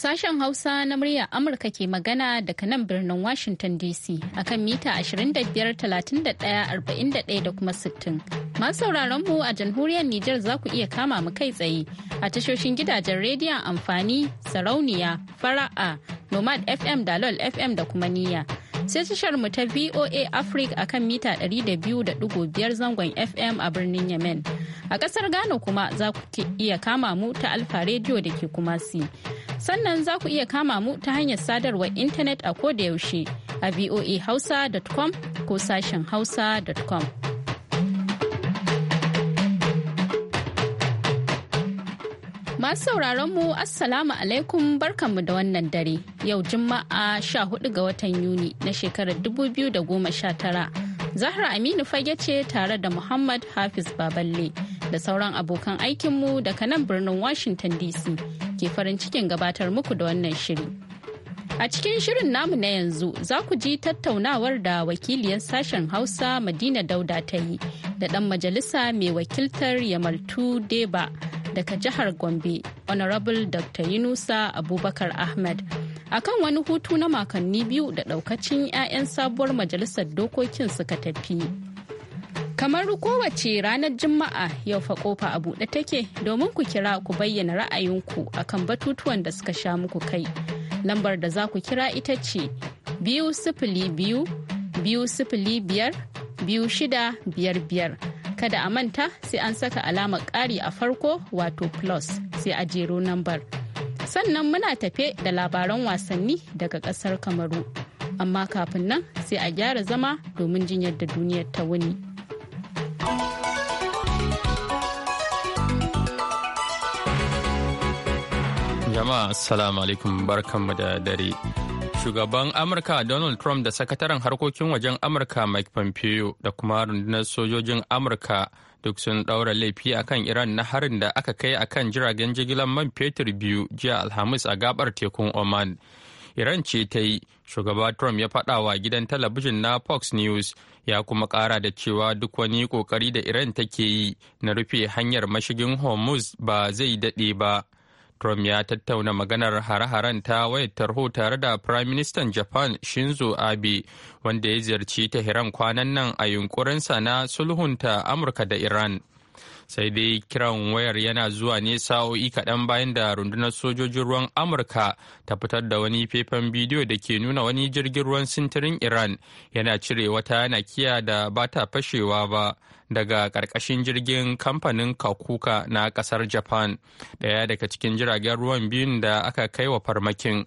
Sashen Hausa na murya Amurka ke magana daga nan birnin Washington DC a kan mita 25-31-41 da kuma 60. Masu sauraron mu a jamhuriyar Nijar za ku iya kama mu kai tsaye a tashoshin gidajen rediyon amfani, sarauniya, fara'a, Nomad FM da LOL FM da kuma niyya. sai tashar mu ta VOA Africa akan mita 200.5 zangon FM a birnin Yemen. A kasar Ghana kuma za ku iya kama mu ta Alfa Radio da ke Kumasi. Sannan za ku iya kama mu ta hanyar sadarwar intanet a koda yaushe a voahausa.com ko sashen hausa.com. Masu sauraron mu Assalamu alaikum barkanmu da wannan dare. Yau Juma'a 14 ga watan Yuni na shekarar 2019. Zahra Aminu fage ce tare da Muhammad Hafiz Baballe da sauran abokan aikinmu daga nan birnin Washington DC ke farin cikin gabatar muku da wannan shiri. A cikin shirin namu na yanzu za ku ji tattaunawar da wakiliyar sashen Hausa Madina Dauda ta yi da ɗan majalisa mai wakiltar Yamaltu Deba daga jihar Gombe, Honorable Dr. Yunusa Abubakar Ahmed. akan wani hutu na makonni biyu da daukacin 'ya'yan sabuwar majalisar dokokin suka tafi. Kamar kowace ranar Juma'a yau fa kofa a buɗe take domin ku kira ku bayyana ra'ayinku akan batutuwan da suka sha muku kai. Lambar da za ku kira ita ce biyu sifili biyu biyu sifili biyar biyu shida biyar biyar. Kada a manta sai an saka alamar ƙari a farko wato plus sai a jero nambar. Sannan muna tafe da labaran wasanni daga ƙasar Kamaru. Amma kafin nan sai a gyara zama domin jin yadda duniyar ta wuni. Jama'a, Assalamu alaikum barkanmu da dare. Shugaban Amurka Donald Trump da sakataren harkokin wajen Amurka Mike Pompeo da kuma rundunar sojojin Amurka duk sun ɗaura laifi akan Iran na harin da aka kai akan jiragen jigilar man fetur biyu jiya Alhamis a gabar tekun Oman. Iran ce ta yi, shugaba Trump ya faɗa wa gidan talabijin na Fox News ya kuma ƙara da cewa duk wani ƙoƙari da Iran take yi na rufe hanyar mashigin Hormuz ba zai daɗe ba. Trump ya tattauna maganar hare-haren ta wayar tarho tare da Prime Minister Japan Shinzo Abe wanda ya ziyarci Tehran kwanan nan a yunkurinsa na sulhunta Amurka da Iran. sai dai kiran wayar yana zuwa ne sa'o'i kaɗan bayan da rundunar sojojin ruwan amurka ta fitar da wani faifan bidiyo da ke nuna wani jirgin ruwan sintirin iran yana cire wata nakiya da ba ta fashewa ba daga ƙarƙashin jirgin kamfanin kakuka na ƙasar japan ɗaya daga cikin jiragen ruwan biyun da aka kai wa farmakin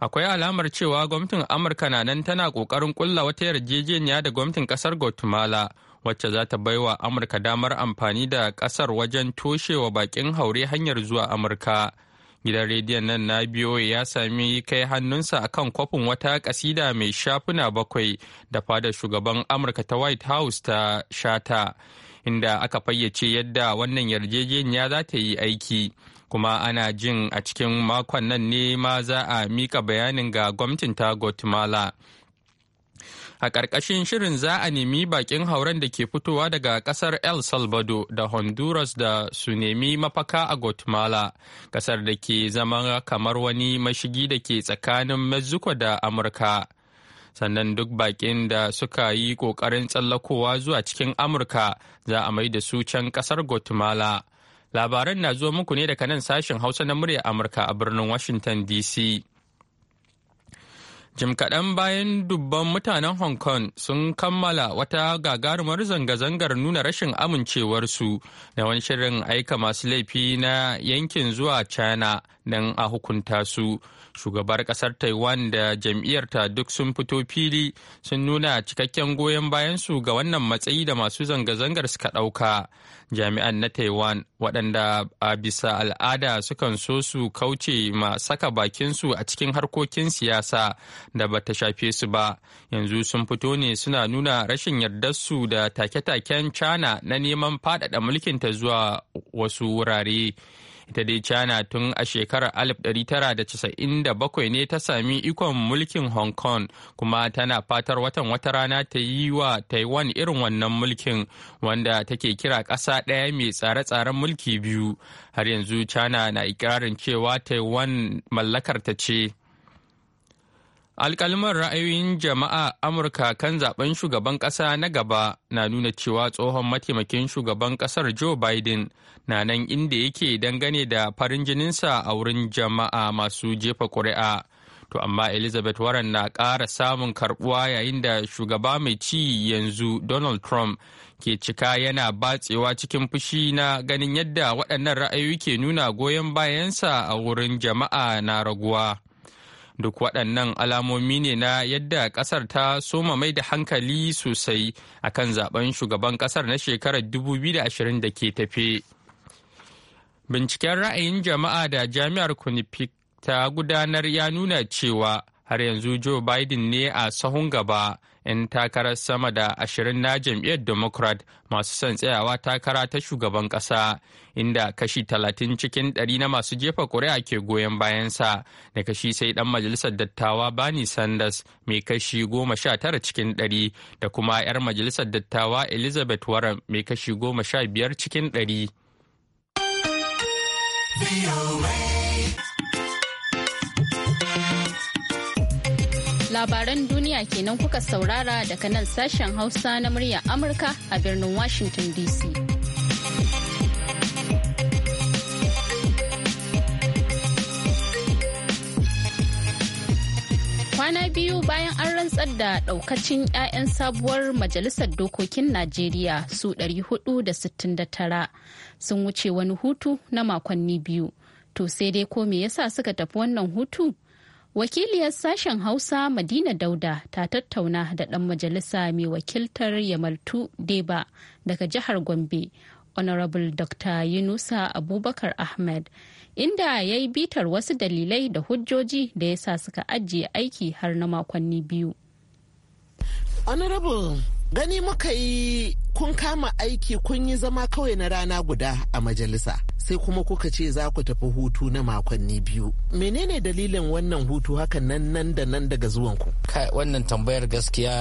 akwai alamar cewa gwamnatin amurka na nan tana kokarin kulla wata yarjejeniya da gwamnatin kasar guatemala wacce za ta baiwa amurka damar amfani da kasar wajen toshewa bakin haure hanyar zuwa amurka gidan rediyon nan na biyo ya sami kai hannunsa akan kwafin wata kasida mai shafuna bakwai da fadar shugaban amurka ta white house ta shata inda aka fayyace yadda wannan yarjejeniya za ta yi aiki kuma ana jin a cikin makon nan ne ma za a mika bayanin ga gwamnatin ta guatemala A ƙarƙashin shirin za a nemi baƙin hauren da ke fitowa daga ƙasar El Salvador da Honduras da su nemi mafaka a Guatemala, ƙasar da ke zama kamar wani mashigi da ke tsakanin Mexico da Amurka. sannan duk baƙin da suka yi ƙoƙarin tsallakowa zuwa cikin amurka za a mai da su can ƙasar guatemala labaran na zuwa muku ne daga nan sashen hausa na murya amurka a birnin washington dc Jim kaɗan bayan dubban mutanen Hong Kong sun kammala wata gagarumar zanga-zangar nuna rashin amincewarsu da wani shirin aika masu laifi na yankin zuwa China don a hukunta su shugabar kasar taiwan da jam'iyyarta duk sun fito fili sun nuna cikakken goyon bayan su ga wannan matsayi da masu zanga-zangar suka ɗauka jami'an na taiwan waɗanda a bisa al'ada sukan so su kauce ma saka bakinsu a cikin harkokin siyasa da ba ta shafe su ba yanzu sun fito ne suna nuna rashin su da take-taken china na neman faɗaɗa mulkinta zuwa wasu wurare ita dai china tun a shekarar 1997 ne ta sami ikon mulkin hong kong kuma tana fatar watan wata rana ta yi wa taiwan irin wannan mulkin wanda take kira ƙasa ɗaya mai tsare-tsaren mulki biyu har yanzu china na ikirarin cewa taiwan mallakarta ce alkalmar ra'ayoyin jama'a amurka kan zaben shugaban kasa na gaba na nuna cewa tsohon mataimakin shugaban kasar joe biden na nan inda yake dangane da farin jininsa a wurin jama'a masu jefa kuri'a to amma elizabeth warren na ƙara samun karbuwa yayin da shugaba mai ci yanzu donald trump ke cika yana batsewa cikin fushi na ganin yadda waɗannan ra'ayoyi ke nuna goyon bayansa a wurin jama'a na raguwa. duk waɗannan alamomi ne na yadda ƙasar ta soma mai da hankali sosai a kan zaɓen shugaban ƙasar na shekarar 2020 da ke tafe binciken ra'ayin jama'a da jami'ar kunifik ta gudanar ya nuna cewa har yanzu joe biden ne a sahun gaba 'yan takarar sama da ashirin na jam'iyyar democrat masu son tsayawa takara ta shugaban kasa inda kashi talatin cikin ɗari na masu jefa ƙuri'a ke goyon bayansa da kashi sai ɗan majalisar dattawa bani sanders mai kashi goma sha tara cikin ɗari da kuma 'yar majalisar dattawa elizabeth warren mai kashi goma sha biyar cikin ɗari. Labaran duniya kenan kuka saurara daga nan sashen Hausa na murya Amurka a birnin Washington DC. Kwana biyu bayan an rantsar da daukacin 'ya'yan sabuwar Majalisar Dokokin Najeriya su 469 sun wuce wani hutu na makonni biyu. To sai dai ko me yasa suka tafi wannan hutu? Wakiliyar sashen Hausa Madina Dauda ta tattauna da ɗan majalisa mai wakiltar Yamaltu Deba daga jihar Gombe, Honorable Dr. Yunusa Abubakar Ahmed, inda ya yi bitar wasu dalilai da hujjoji da ya sa suka ajiye aiki har na makonni biyu. Honorable gani muka yi kun kama aiki kun yi zama kawai na rana guda a majalisa sai kuma kuka ce za ku tafi hutu na makonni biyu menene dalilin wannan hutu hakan nan nan da nan daga zuwanku wannan tambayar gaskiya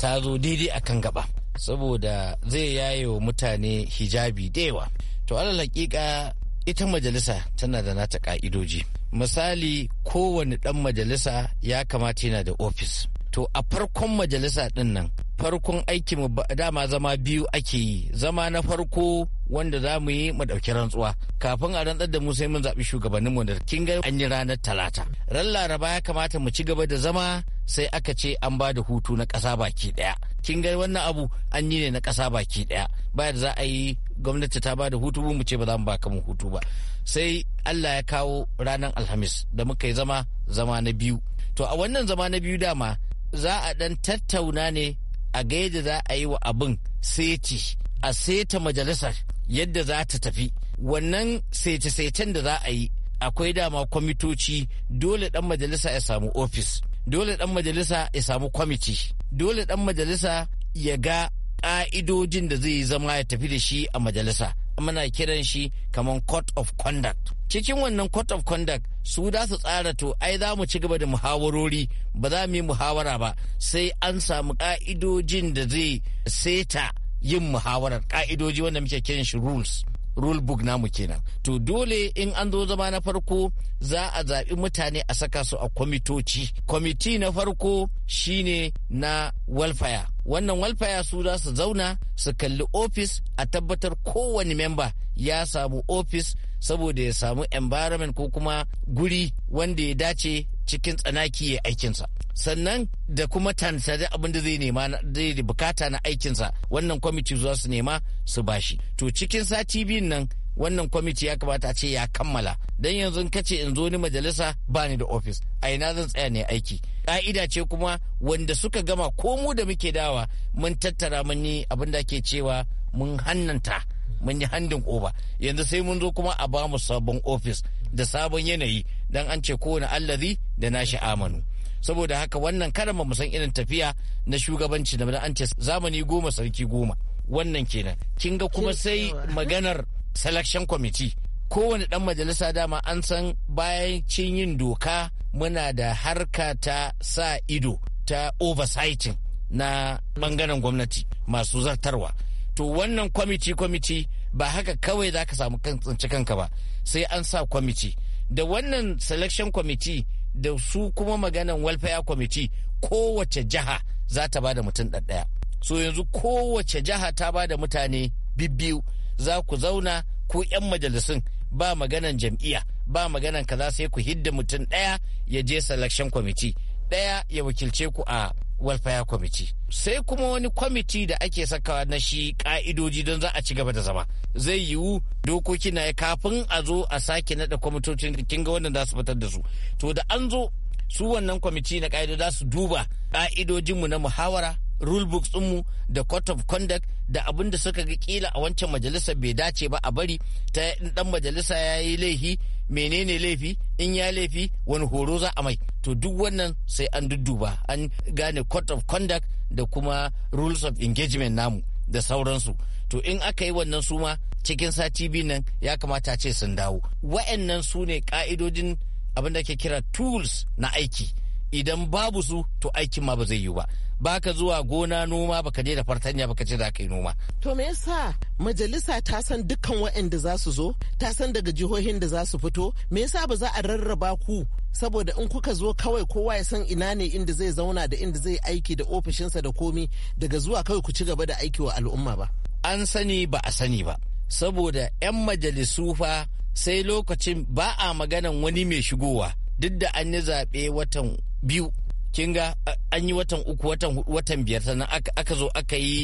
ta zo daidai a kan gaba saboda zai yaye wa mutane hijabi da yawa to alal hakika ita majalisa tana da nata ka'idoji misali kowane dan majalisa ya kamata yana da ofis to a farkon majalisa din farkon aikinmu dama zama biyu ake yi zama na farko wanda za mu yi mu ɗauki rantsuwa kafin a rantsar da mu sai mun zaɓi shugabanninmu da kin ga an yi ranar talata ran laraba ya kamata mu ci gaba da zama sai aka ce an ba da hutu na ƙasa baki ɗaya kin ga wannan abu an yi ne na ƙasa baki ɗaya ba da za a yi gwamnati ta ba da hutu mu ce ba za mu ba mu hutu ba sai Allah ya kawo ranar alhamis da muka yi zama zama na biyu to a wannan zama na biyu dama za a ɗan tattauna ne a ga yadda za a yi wa abin seti a seta majalisar yadda za ta tafi wannan sete-seten da za a yi akwai dama kwamitoci dole dan majalisa ya samu ofis dole dan majalisa ya samu kwamiti dole dan majalisa ya ga ƙa'idojin da zai zama ya tafi da shi a majalisa muna kiran shi kamar court of conduct cikin wannan court of conduct su da su tsara to ai za mu ci gaba da muhawarori ba za mu yi muhawara ba sai an samu ka'idojin da zai seta yin muhawarar ka'idoji wanda muke kiran shi rules rule book namu kenan to dole in an zo zama na farko za a zaɓi mutane a saka su a kwamitoci kwamiti na farko shine na welfare wannan walfaya su za su zauna su kalli ofis a tabbatar kowane memba ya samu ofis saboda ya samu environment ko kuma guri wanda ya dace cikin tsanaki ya aikinsa sannan da kuma tansa da abin da zai nema zai bukata na aikinsa wannan kwamiti za su nema su bashi to cikin sati biyun nan wannan kwamiti ya kamata ce ya kammala don yanzu ka ce in zo ni majalisa ba ni da ofis a ina zan tsaya ne aiki ka'ida ce kuma wanda suka gama ko mu da muke dawa mun tattara mun yi abin da ke cewa mun hannanta mun yi handin oba yanzu sai mun zo kuma a ba mu sabon ofis da sabon yanayi don an ce kowane allazi da nashi amanu saboda haka wannan karan ba san irin tafiya na shugabanci da an ce zamani goma sarki goma wannan kenan kin ga kuma sai maganar selection committee kowane dan majalisa dama an san bayan cin yin doka muna da harka ta sa ido ta oversighting na bangaren gwamnati masu zartarwa to wannan kwamiti kwamiti ba haka kawai za ka samu tsinci kanka ba sai an sa kwamiti da wannan selection committee da su kuma maganan welfare committee kowace jiha za ta ba da mutum ɗaya so yanzu kowace jiha ta ba da mutane bibbiyu za ku zauna ku 'yan majalisun ba maganan jam'iyya ba maganan kaza sai ku hidda mutum ɗaya ya je selection kwamiti ɗaya ya wakilce ku a walfaya kwamiti. sai kuma wani kwamiti da ake sakawa na shi ka'idoji don za a ci gaba da zama zai yiwu dokoki na kafin a zo a sake naɗa kwamitocin kin ga wannan za su fitar da su to da an zo su wannan kwamiti na ka'ido za su duba ka'idojinmu na muhawara rule books mu da court of conduct da abin da suka ga kila a wancan majalisa bai dace ba a bari ta dan majalisa ya yi laifi menene laifi in ya laifi wani horo za a mai to duk wannan sai an dudduba an gane court of conduct da kuma rules of engagement namu da sauransu to in aka yi wannan suma cikin sati biyu nan ya kamata ce sun dawo wa'annan su ne ka'idodin abin da ke kira tools na aiki idan babu su to aikin ma ba zai yiwu ba baka zuwa gona noma baka je da fartanya baka ce da kai noma. To me yasa majalisa ta san dukkan waɗanda za su zo ta san daga jihohin da za su fito me yasa ba za a rarraba ku saboda in kuka zo kawai kowa ya san ina ne inda zai zauna da inda zai aiki da ofishinsa da komi daga zuwa kawai ku ci gaba da aiki wa al'umma ba. An sani ba a sani ba saboda 'yan majalisu fa sai lokacin ba a maganan wani mai shigowa duk da an yi zaɓe watan biyu kin ga an yi watan uku watan hudu watan biyar sannan aka zo aka yi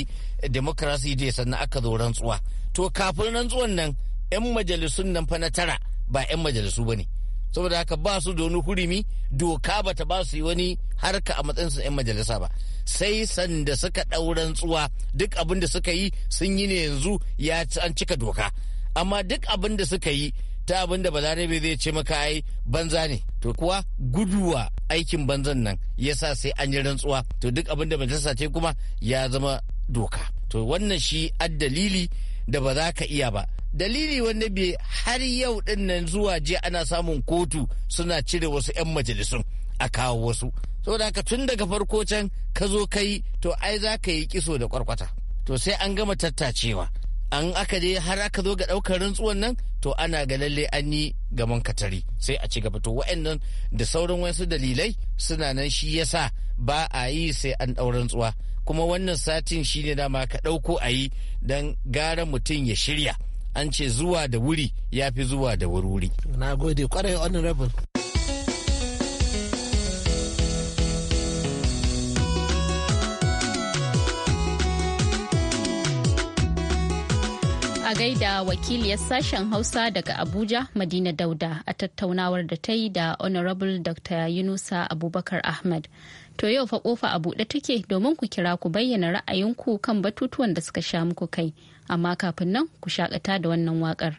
democracy day sannan aka zo rantsuwa to kafin rantsuwan nan 'yan majalisun nan fa na tara ba 'yan majalisu ba ne saboda haka ba su da wani hurumi doka ba ta ba su yi wani harka a matsayin su 'yan majalisa ba sai sanda suka ɗau rantsuwa duk abin da suka yi sun yi ne yanzu ya an cika doka amma duk abin da suka yi ta abin da balarabe zai ce maka ai banza ne to kuwa guduwa aikin banzan nan ya sa sai an yi rantsuwa to duk abin da majalisa ce kuma ya zama doka to wannan shi dalili da ba za ka iya ba dalili wanda bai har yau din nan zuwa je ana samun kotu suna cire wasu 'yan majalisun a kawo wasu saboda ka tun daga farko can ka zo ka yi to ai za ka yi kiso da kwarkwata to sai an gama tattacewa an aka dai har aka zo ga ɗaukar rantsuwan nan to ana ga lalle an yi gaban katari sai a ci gaba to wa'annan da sauran wasu dalilai suna nan shi yasa ba a yi sai an ɗau rantsuwa kuma wannan satin shine dama ka ɗauko a yi don gara mutum ya shirya an ce zuwa da wuri ya fi zuwa da wuri. na gode kwarai honorable gaida wakiliyar sashen Hausa daga Abuja Madina Dauda a tattaunawar da ta yi da Honorable Dr. Yunusa Abubakar ahmed To yau fa kofa a buɗe take domin ku kira ku bayyana ra'ayinku kan batutuwan da suka sha muku kai, amma kafin nan ku shakata da wannan waƙar.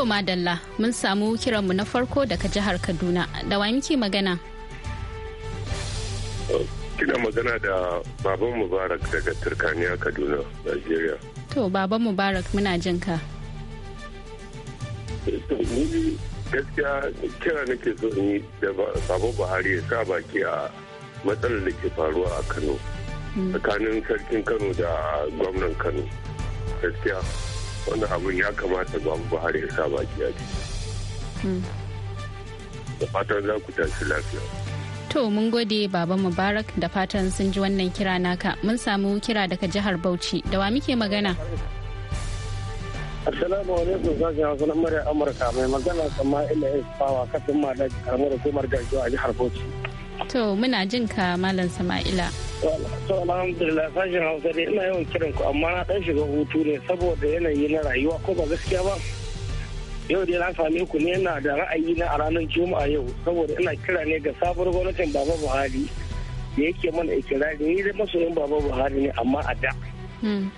To Madalla mun samu kiranmu na farko daga jihar Kaduna da wa muke magana? Kina magana da Baban Mubarak daga Turkaniya Kaduna, Najeriya. To Baban Mubarak muna jin gaskiya kira nake so ni da sabo Buhari ya sa baki a matsalar da ke faruwa a Kano. Hmm. Tsakanin sarkin Kano da gwamnan Kano. Gaskiya. wannan abin ya kamata ba mu buhari ya sa baki a hmm. da fatan za ku tashi lafiya To mun gode Baba Mubarak da fatan sun ji wannan kira naka mun samu kira daga jihar Bauchi da wa muke magana? Assalamu alaikum sashen Hausa na Amurka mai magana Sama'ila S. Fawa kafin ma da karamar hukumar da a jihar Bauchi. To muna jin ka Malam Sama'ila. To alhamdulillah sashen Hausa ne ina yawan kiran ku amma na dan shiga hutu ne saboda yanayi na rayuwa ko ba gaskiya ba. Yau dai na same ku ne yana da ra'ayi na a ranar Juma'a yau saboda ina kira ne ga sabuwar gwamnatin Baba Buhari da yake mana ikirari ni da masoyin Baba Buhari ne amma a da. Hmm.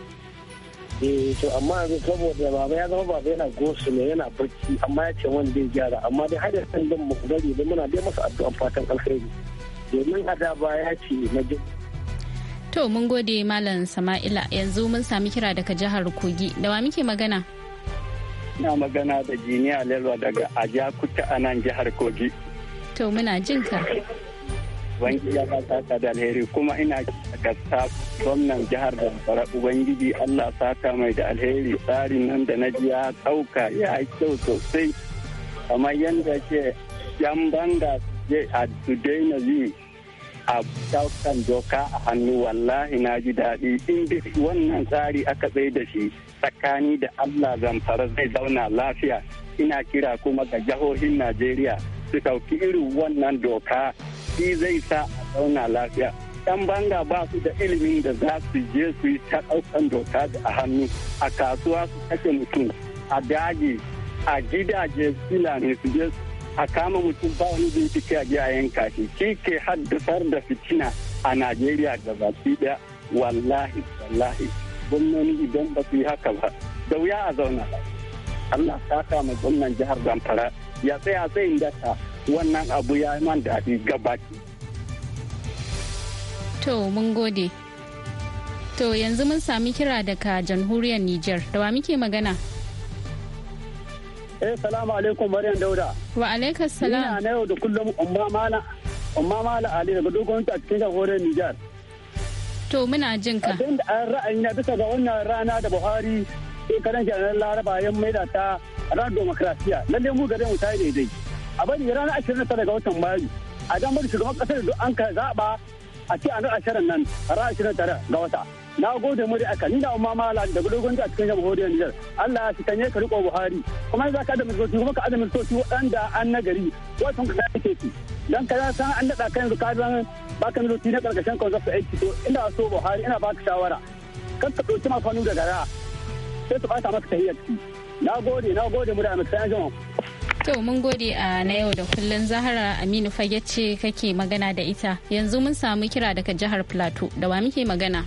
Eh, to amma yanzu saboda baba ya zama baba yana gosu ne yana barci amma ya ce wanda zai gyara amma dai har yasan din mu gari da muna dai masa addu'an fatan alheri domin a da ba ya ce na ji to mun gode malam sama'ila yanzu mun sami kira daga jihar kogi da wa muke magana ina magana da jiniya lelwa daga ajakuta a nan jihar kogi to muna jinka ubangiji ya saka da alheri kuma ina gasta gwamnan jihar zamfara ubangiji allah saka mai da alheri tsarin nan da na ji ya ɗauka ya yi kyau sosai kamar yadda ke yan banga je a today na yi a ɗaukan doka a hannu wallahi na ji daɗi in wannan tsari aka tsaye da shi tsakani da allah zamfara zai zauna lafiya ina kira kuma ga jihohin najeriya su ɗauki irin wannan doka shi zai sa a zauna lafiya ɗan banga ba su da ilimin da za su je su yi ta ɗaukan doka a hannu a kasuwa su kashe mutum a daji a gidaje filani su je a kama mutum ba wani bincike a a yanka shi shi ke haddasar da fitina a najeriya gabaki ɗaya wallahi wallahi gwamnoni idan ba su yi haka ba da wuya a zauna Allah ta kama gwamnan jihar Zamfara ya tsaya tsayin daka wannan abu ya man daɗi gabaki. To mun gode. To yanzu mun sami kira daga jamhuriyar Nijar da wa muke magana? Eh salamu alaikum Maryam Dauda. Wa alaikum salam. Ina na yau da kullum umma mala umma mala Ali daga dogon ta cikin jamhuriyar Nijar. To muna jin ka. Abin da an ra'ayi na bisa ga wannan rana da Buhari sai karan shi laraba mai maida ta ranar demokrasiya lalle mu gare mu ta daidai. a bari ranar ashirin da ga watan mayu a dan bari shugaban kasar da an ka zaɓa a ce a ranar ashirin nan ranar ashirin da ga wata na gode mu da aka ni da umma mala da gudogon a cikin jamhuriyar Nijar Allah ya fitanye ka riko Buhari kuma za ka da mutoci kuma ka da mutoci waɗanda an nagari wato ka take ki dan ka san an nada kan zuka ba baka mutoci na karkashin kan zasu aiki to ina so Buhari ina baka shawara kan ka dauki mafanu da gara sai su ta maka tahiyyar ki na gode na gode mu da amsa yan jama'a To mun gode a na yau da kullun Zahara Aminu fage ce kake magana da ita. Yanzu mun samu kira daga jihar Plateau da wa muke magana.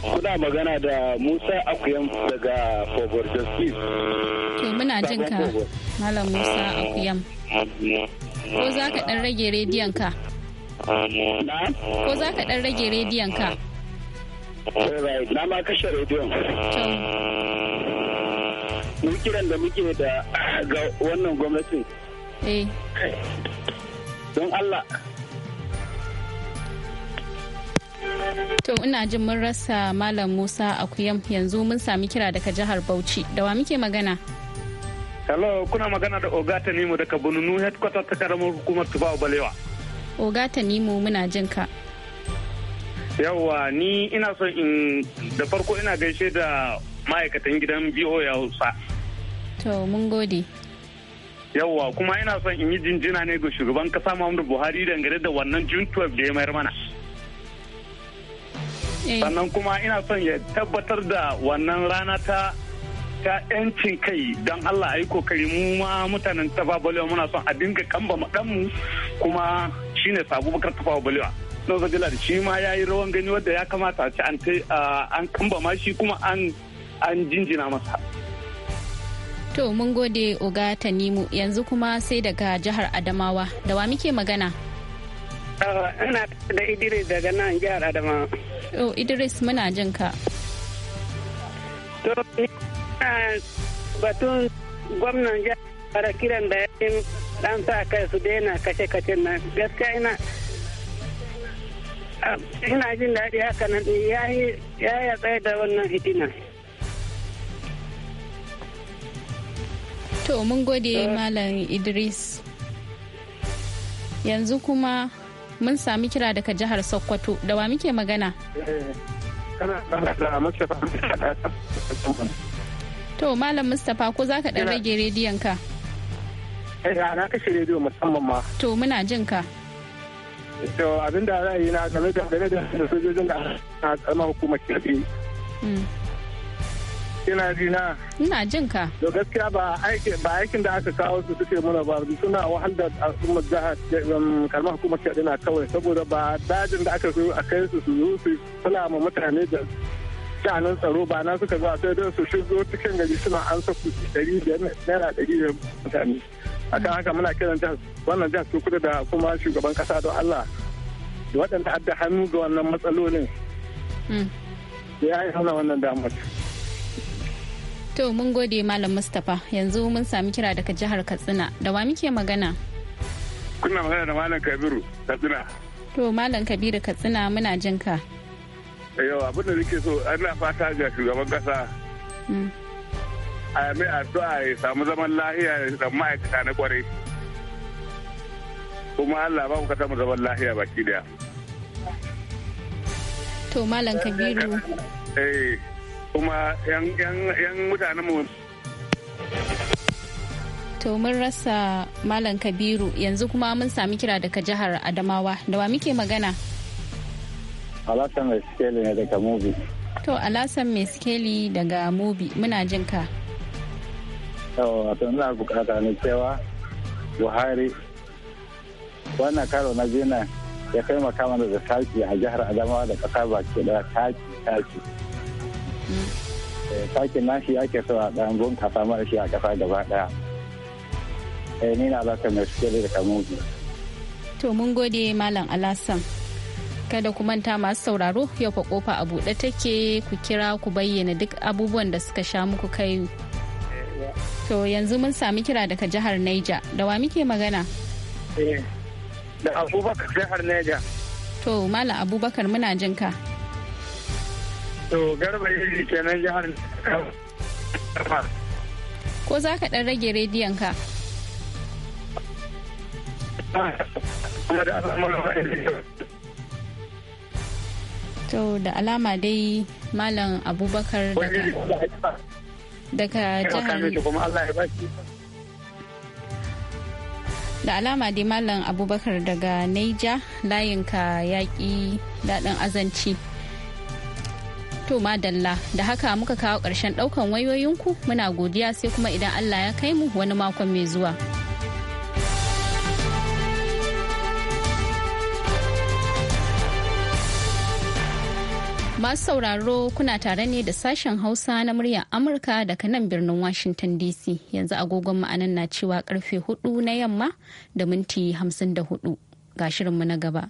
Kuna magana da Musa Akuyam daga Fobor Justice. To muna jin ka Malam Musa Akuyam. Ko za ka ɗan rage rediyon ka? Ko za ka ɗan rage rediyon ka? Na ma kashe rediyon. mu kiran da muke da ga wannan gwamnatin eh. don Allah To ina jin mun rasa Malam Musa Akuyam yanzu mun sami kira daga jihar Bauchi. Da wa muke magana? Hello, kuna magana da Ogata Nimo daga Bununu headquarter ta karamar hukumar tuba Balewa. Ogata Nimo muna jin ka. Yawwa ni ina son in da farko ina gaishe da ma'aikatan gidan biyo ya hausa. To mun gode. Yawwa kuma ina son in yi jinjina ne ga shugaban kasa Muhammadu Buhari dangane da wannan June 12 da ya mayar mana. Eh. Sannan kuma ina son ya tabbatar da wannan rana ta ta 'yancin kai don Allah ayi kokari mu ma mutanen tafa balewa muna son a dinga kamba maɗanmu kuma shine sabu bakar tafa balewa. Nau da shi ma ya yi rawan gani wadda ya kamata a ci an kamba ma shi kuma an an jinjina masa to mun gode oga tanimu yanzu kuma sai daga jihar adamawa da wa muke magana ah, ina da idris daga nan jihar adamawa oh idris muna jin ka to batun gwamnan jihar kiran da yayin dan sa kai su daina kashe-kashe nan gaskiya ina ah, ina jin daɗi haka nan ya yi ya tsaye da wannan hitina to mun gode malam idris yanzu kuma mun sami kira daga jihar sokoto da wa muke magana to malam mustapha ko za ka dan rage rediyon ka eh, na kashe rediyo musamman ma to muna jin ka to abinda ra'ayi na game da game da sojojin da a karamar hukumar kirfi Ina ji na? Ina jin ka. To gaskiya ba aikin ba aikin da aka kawo su suke muna ba suna wahal da al'ummar jihar um, kalmar hukumar Kaduna kawai saboda ba dajin da aka zo a kai su su su suna ma mutane da shanin tsaro ba na suka zuwa sai don su shigo cikin gari suna an saku kuɗi ɗari biyar naira ɗari biyar mutane. Akan haka muna kiran jihar wannan jihar su kudu da kuma shugaban kasa don Allah da waɗanda adda hannu ga wannan matsalolin. Hmm. Ya yi hana wannan damar. To mun gode Malam Mustapha yanzu mun sami kira daga jihar Katsina da wa muke magana? Kuna magana da Malam Kabiru Katsina. To Malam Kabiru Katsina muna jin ka. Yau abin da nake so ana fata ga shugaban kasa. Mm. A mai addu'a ya samu zaman lahiya da ma'aikata na kwarai. Kuma Allah ba ku kasa mu zaman lahiya baki daya. To Malam Kabiru. Eh. kuma yan mutanen mu to mun rasa malam kabiru yanzu kuma mun sami kira daga jihar adamawa da wa muke magana alasan mai sikeli ne daga mubi to alasan mai sikeli daga mubi muna jin ka wato ina bukata ne cewa buhari wannan karo na jina ya kai mana da saki a jihar adamawa da kasa baki daya taki taki Eh, sakin nashi ake so a ɗan bunkasa mara shi a ƙasa gaba ɗaya eh, ni na zaka mai suke da kamuji to mun gode malam alasan kada ku manta masu sauraro yau fa kofa a buɗe take ku kira ku bayyana duk abubuwan da suka sha muku kai to yanzu mun sami kira daga jihar naija da wa muke magana eh, da abubakar jihar naija to malam abubakar muna jinka. To garba yi kenan jihar Ko za ka dan rage rediyon ka? To da alama dai Malam Abubakar daga daga jihar da alama dai Malam Abubakar daga Naija layinka yaƙi daɗin azanci. To madalla da haka muka kawo ƙarshen ɗaukan wayoyinku muna godiya sai kuma idan Allah ya kai mu wani makon mai zuwa. Masu sauraro kuna tare ne da sashen Hausa na muryar Amurka daga nan birnin Washington DC yanzu agogon ma'anan na cewa karfe hudu na yamma da minti hamsin da hudu ga shirinmu na gaba.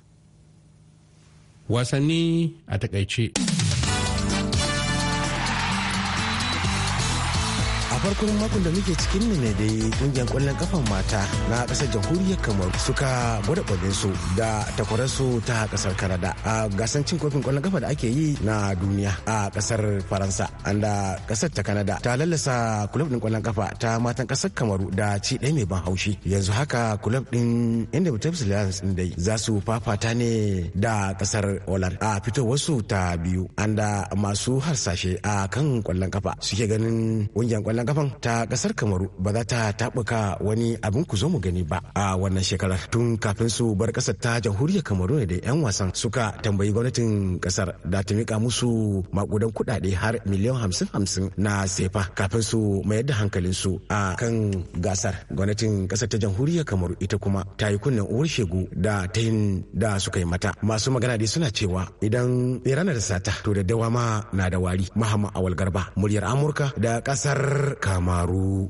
Wasanni a takaice. farkon makon da muke cikin ne ne dai kungiyar kwallon kafan mata na kasar jamhuriyar kamar suka gwada kwallon su da takwarar su ta kasar kanada a gasan cin kofin kwallon kafa da ake yi na duniya a kasar faransa anda kasar ta kanada ta lallasa kulab din kwallon kafa ta matan kasar kamaru da ci ɗaya mai ban haushi yanzu haka kulab din inda mutum lions din dai za su fafata ne da kasar oland a wasu ta biyu anda masu harsashe a kan kwallon kafa suke ganin kungiyar kwallon kafa daban ta kasar kamaru ba za ta tabuka wani abin ku zo mu gani ba a wannan shekarar tun kafin su bar kasar ta jamhuriyar kamaru ne da yan wasan suka tambayi gwamnatin kasar da ta mika musu makudan kuɗaɗe har miliyan hamsin hamsin na sefa kafin su mayar da hankalin su a kan gasar gwamnatin kasar ta jamhuriyar kamaru ita kuma ta yi kunnen uwar shegu da ta yin da suka yi mata masu magana dai suna cewa idan da sata to da dawa ma na da wari muhammad awal garba muryar amurka da kasar kamaru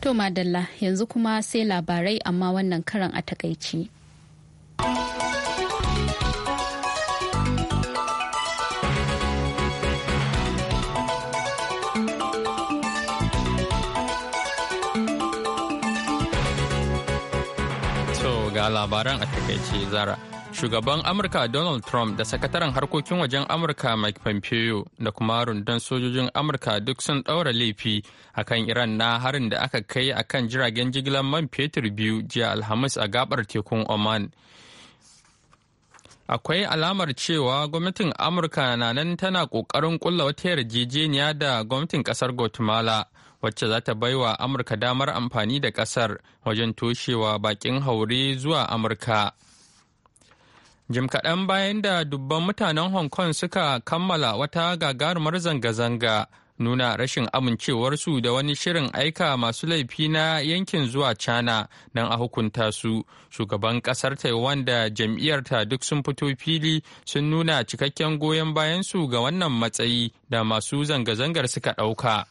To Madalla yanzu kuma sai labarai amma wannan karan a takaici. labaran a takaice zara. Shugaban Amurka Donald Trump da sakataren harkokin wajen Amurka Mike Pompeo da kuma rundun sojojin Amurka duk sun ɗaura laifi a kan Iran na harin da aka kai a kan jiragen jigilar man fetur biyu jiya Alhamis a gabar tekun Oman. Akwai alamar cewa gwamnatin Amurka na nan tana ƙoƙarin ƙulla wata yarjejeniya da gwamnatin ƙasar Guatemala. wacce za ta baiwa amurka damar amfani da ƙasar wajen toshewa bakin haure zuwa amurka jim kaɗan bayan da dubban mutanen hong kong suka kammala wata gagarumar zanga-zanga nuna rashin amincewarsu da wani shirin aika masu laifi na yankin zuwa china don a hukunta su shugaban kasar taiwan da jam'iyyarta duk sun fito fili sun nuna cikakken goyon bayansu ga wannan matsayi da masu zanga-zangar suka ɗauka.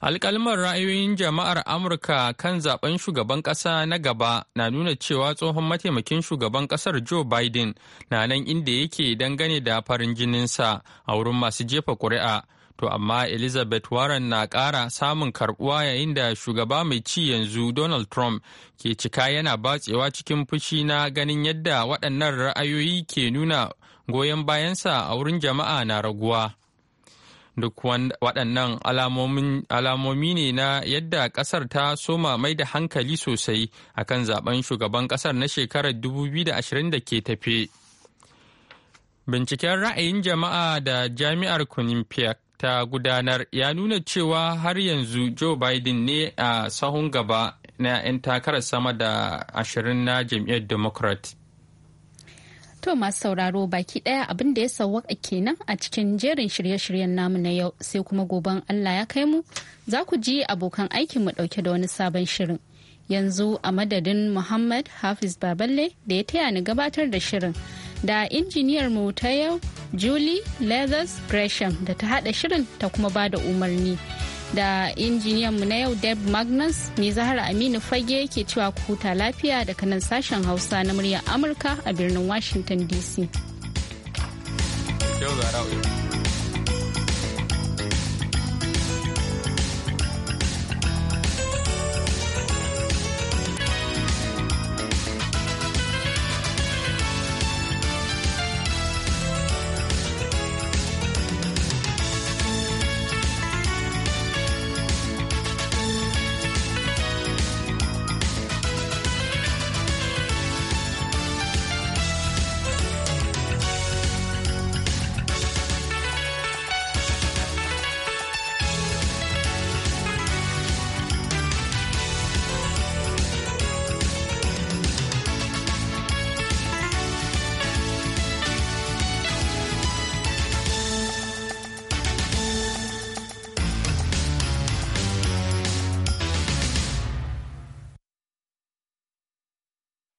alkalmar ra'ayoyin jama'ar amurka kan zaben shugaban ƙasa na gaba na nuna cewa tsohon mataimakin shugaban ƙasar joe biden na nan inda yake dangane da farin jininsa a wurin masu jefa kuri'a to amma elizabeth warren na ƙara samun karbuwa yayin da shugaba mai ci yanzu donald trump ke cika yana batsewa cikin fushi na ganin yadda waɗannan ra'ayoyi ke nuna goyon bayansa a wurin jama'a na raguwa. duk waɗannan alamomi ne na yadda ƙasar ta soma mai da hankali sosai a kan zaben shugaban ƙasar na shekarar 2020 da ke tafe binciken ra'ayin jama'a da jami'ar quinnipiac ta gudanar ya nuna cewa har yanzu joe biden ne a sahun gaba na 'yan takarar sama da 20 na jam'iyyar democrat To masu sauraro baki ɗaya abin da ya sauwaka kenan a cikin jerin shirye-shiryen namu na yau sai kuma goben Allah ya kai mu za ku ji abokan aikin mu ɗauke da wani sabon shirin. Yanzu a madadin Muhammad Hafiz Baballe da ya taya ni gabatar da shirin da injiniyar mu ta yau Julie Leathers Gresham da ta hada shirin ta kuma ba da umarni. da injiniyan mu na yau deb magnus ni zahara aminu fage ke cewa ku huta lafiya daga nan sashen hausa na muryar amurka a birnin washington dc yau